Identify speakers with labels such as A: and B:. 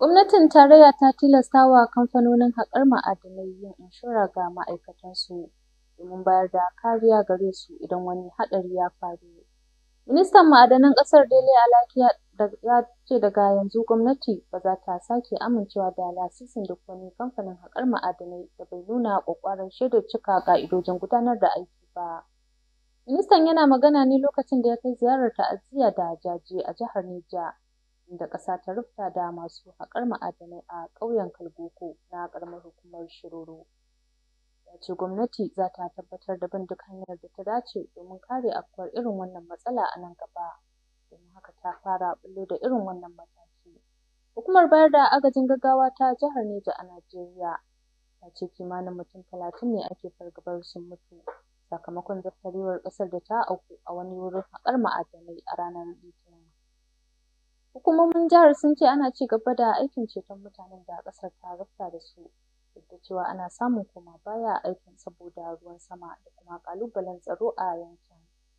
A: Gwamnatin tarayya ta tilasta wa kamfanonin haƙar ma'adinai yin inshora ga ma'aikatansu domin bayar da kariya gare su idan wani haɗari ya faru. Ministan Ma'adanan ƙasar Dele lafiya ya ce daga yanzu gwamnati ba za ta sake amincewa da lasisin duk wani kamfanin haƙar ma'adinai da bai nuna ƙwaƙƙwarar shaidar cika ƙa'idojin gudanar da aiki ba. Ministan yana magana ne lokacin da ya kai ziyarar ta'aziyya da jaje a jihar Niger. da ƙasa ta rufta da masu haƙar ma'adanai a ƙauyen kalgoko, na Ƙaramar Hukumar Shiroro, ya ce gwamnati za ta tabbatar da bin duk hanyar da ta dace domin kare afkuwar irin wannan matsala a nan gaba, domin haka ta fara ɓullo da irin wannan mataki. Hukumar bayar da agajin gaggawa ta Jihar Neja a Najeriya ta ce kimanin mutum talatin ne ake fargabar sun mutu sakamakon zaftarewar ƙasar da ta auku a wani wurin haƙar ma'adanai a ranar Litinin.
B: Hukumomin jihar sun ce ana ci gaba da aikin ceton mutanen
A: da ƙasar ta rufta da su duk da cewa ana samun koma baya a aikin saboda ruwan sama da kuma ƙalubalen tsaro a yankin.